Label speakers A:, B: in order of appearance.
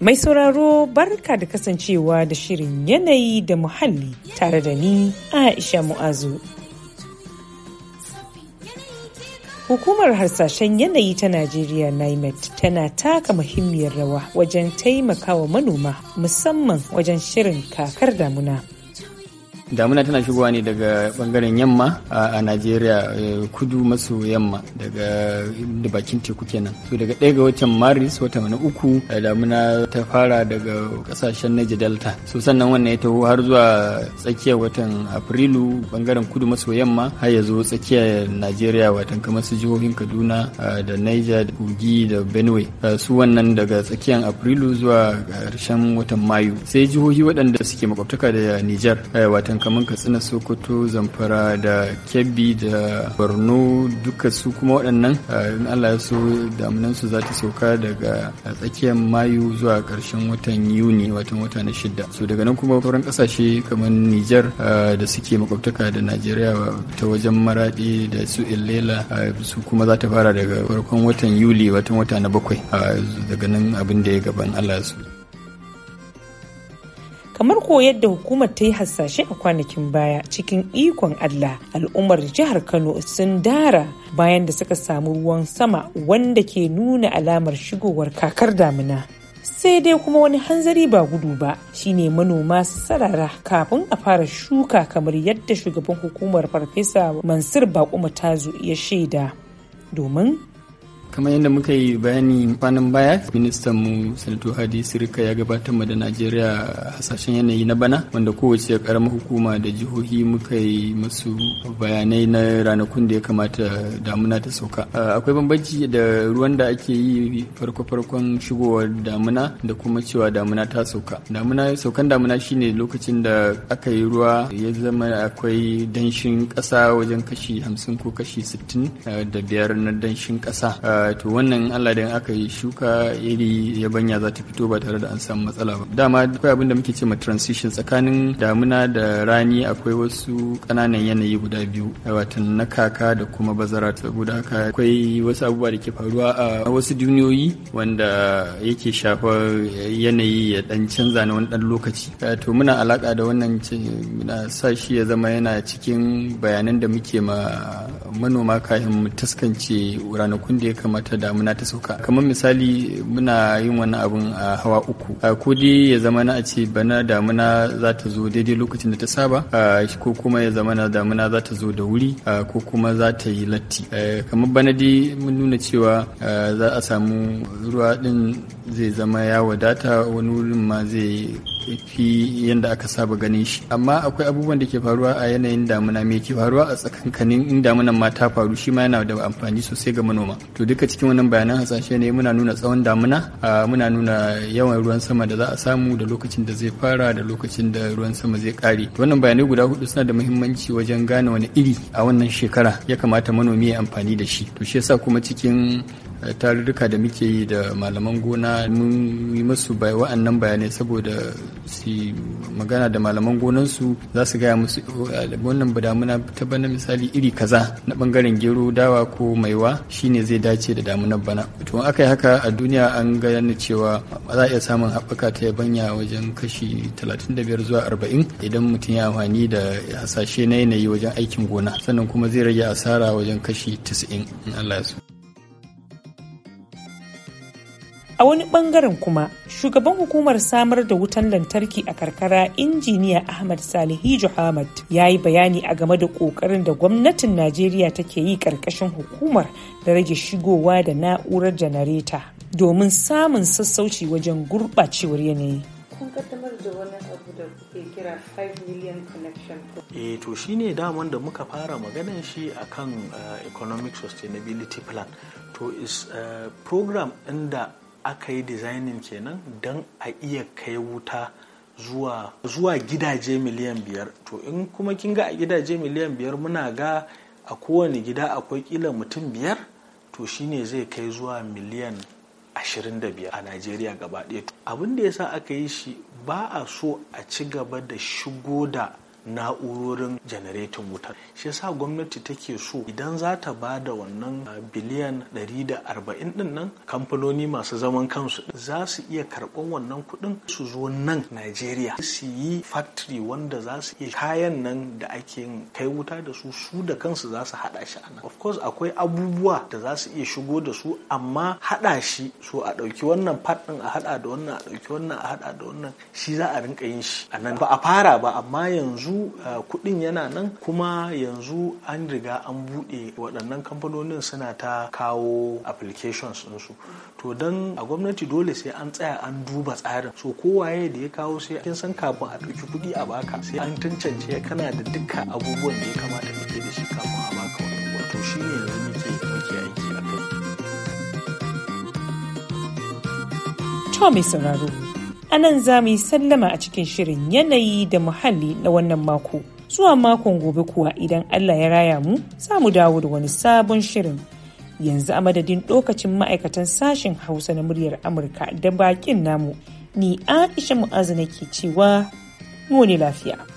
A: Mai sauraro barka da kasancewa da shirin yanayi da muhalli tare da ni Aisha Mu'azu. Hukumar harsashen yanayi ta Najeriya NIMET tana taka muhimmiyar rawa wajen taimakawa manoma musamman wajen shirin kakar damuna.
B: damuna tana shigowa ne daga bangaren yamma a najeriya eh, kudu maso yamma daga da bakin teku kenan so daga ɗaya ga watan maris wata na uku eh, damuna ta fara daga kasashen niger delta so sannan wannan ya taho har zuwa tsakiyar watan afrilu bangaren kudu maso yamma har ya zo tsakiyar najeriya watan kamar su jihohin kaduna eh, da niger da kogi da benue su wannan daga tsakiyar afrilu zuwa ƙarshen watan mayu sai jihohi waɗanda suke makwabtaka da niger watan kamar katsina sokoto zamfara da kebbi da borno duka su kuma waɗannan in allah ya so damunan su za ta sauka daga tsakiyar mayu zuwa ƙarshen watan yuni watan wata na shida so daga nan kuma sauran ƙasashe kamar niger da suke makwabtaka da najeriya ta wajen maraɗi da su illela su kuma za ta fara daga farkon watan yuli watan wata na bakwai daga nan abin da ya gaban allah ya so
A: kamar ko yadda hukumar ta yi hasashe a kwanakin baya cikin ikon Allah al'ummar jihar Kano sun dara bayan da suka samu ruwan sama wanda ke nuna alamar shigowar kakar damina. sai dai kuma wani hanzari ba gudu ba shine manoma sarara kafin a fara shuka kamar yadda shugaban hukumar farfesa mansur bakuma tazu ya shaida domin
B: kamar yadda muka yi bayani kwanan baya ministan mu sanato hadi sirika ya gabatar da najeriya hasashen yanayi na bana wanda kowace karamar hukuma da jihohi muka yi masu bayanai na ranakun da ya kamata damuna ta sauka akwai bambanci da ruwan da ake yi farko-farkon shigowar damuna da kuma cewa damuna ta sauka damuna saukan damuna shine lokacin da aka yi ruwa ya zama akwai danshin kasa wajen kashi hamsin ko kashi sittin eh, da biyar na danshin kasa. Eh, to wannan Allah da aka yi shuka iri yabanya za ta fito ba tare da an samu matsala ba dama akwai abin da muke ce ma transition tsakanin damuna da rani akwai wasu kananan yanayi guda biyu watan na kaka da kuma bazara saboda haka akwai wasu abubuwa da ke faruwa a wasu duniyoyi wanda yake shafar yanayi ya dan canza na wani dan lokaci eh, to muna alaka da wannan muna sa shi ya zama yana cikin bayanan da muke ma manoma kafin mu taskance ranakun da ya mata damuna ta sauka kamar misali muna yin wani abun a hawa uku ko dai ya zama na a ce bana damuna za ta zo daidai lokacin da ta saba ko kuma ya zama na damuna za ta zo da wuri ko kuma za ta yi latti kamar bana dai mun nuna cewa za a samu ruwa din zai zama ya wadata wani wurin ma zai fi yadda aka saba ganin shi amma akwai abubuwan da ke faruwa a yanayin damuna me ke faruwa a tsakankanin in damunan ma ta faru shi ma yana da amfani sosai ga manoma to duka cikin wannan bayanan hasashe ne muna nuna tsawon damuna muna nuna yawan ruwan sama da za a samu da lokacin da zai fara da lokacin da ruwan sama zai kare wannan bayanai guda hudu suna da muhimmanci wajen gane wani iri a wannan shekara ya kamata manomi ya amfani da shi to shi yasa kuma cikin tarurruka da muke yi da malaman gona mun yi masu bai wa'annan bayanai saboda su magana da malaman gonansu za su gaya musu wannan damuna ta bana misali iri kaza na bangaren gero dawa ko maiwa shine zai dace da damunan bana to aka yi haka a duniya an gani cewa za a iya samun haɓaka ta yabanya wajen kashi 35 zuwa 40 idan mutum ya amfani da hasashe na yanayi wajen aikin gona sannan kuma zai rage asara wajen kashi 90 in Allah ya so
A: a wani bangaren kuma shugaban hukumar samar da wutan lantarki a karkara injiniya ahmad salihu ahmad ya yi bayani a game da ƙoƙarin da gwamnatin najeriya take yi ƙarƙashin hukumar da rage shigowa da na'urar janareta domin samun sassauci wajen gurɓacewar yanayi eh kaddamar da wani da
C: eh, to shine daman da muka fara maganan shi kan eh, economic sustainability plan to is eh, program inda aka yi designing kenan don a iya kai wuta zuwa zuwa gidaje miliyan biyar to in kuma kin ga a gidaje miliyan biyar muna ga a kowane gida akwai kila mutum biyar to shine zai kai zuwa miliyan 25 a najeriya gaba ɗaya abin da ya sa aka yi shi ba a so a ci gaba da shigo da na'urorin janaretin wuta. shi yasa gwamnati take so idan za ta ba da wannan ah, biliyan 140 din nan kamfanoni masu zaman kansu za su iya karɓan wannan kuɗin su zo nan najeriya su yi factory wanda za su iya kayan nan da ake kai wuta da su su da kansu za su haɗa shi a nan of course akwai abubuwa da za su iya shigo da su amma haɗa shi so a ɗauki wannan part ɗin a haɗa da wannan a ɗauki wannan a haɗa da wannan shi za a rinka yin shi a ba a fara ba amma yanzu yanzu kuɗin yana nan kuma yanzu an riga an buɗe waɗannan kamfanonin suna ta kawo applications ɗinsu to don a gwamnati dole sai an tsaya an duba tsarin so kowaye da ya kawo sai kin san kafin a ɗauki kuɗi a baka sai an tantance kana da dukkan abubuwan da ya kamata kake da shi kafin a baka wato shine yanzu muke muke aiki a kai.
A: To mai sauraro a nan za mu yi sallama a cikin shirin yanayi da muhalli na wannan mako. Zuwa makon gobe kuwa idan Allah ya raya mu za mu dawo da wani sabon shirin. Yanzu a madadin lokacin ma'aikatan sashen Hausa na muryar Amurka da bakin namu, ni Aisha Mu'azu ke cewa mu ne lafiya.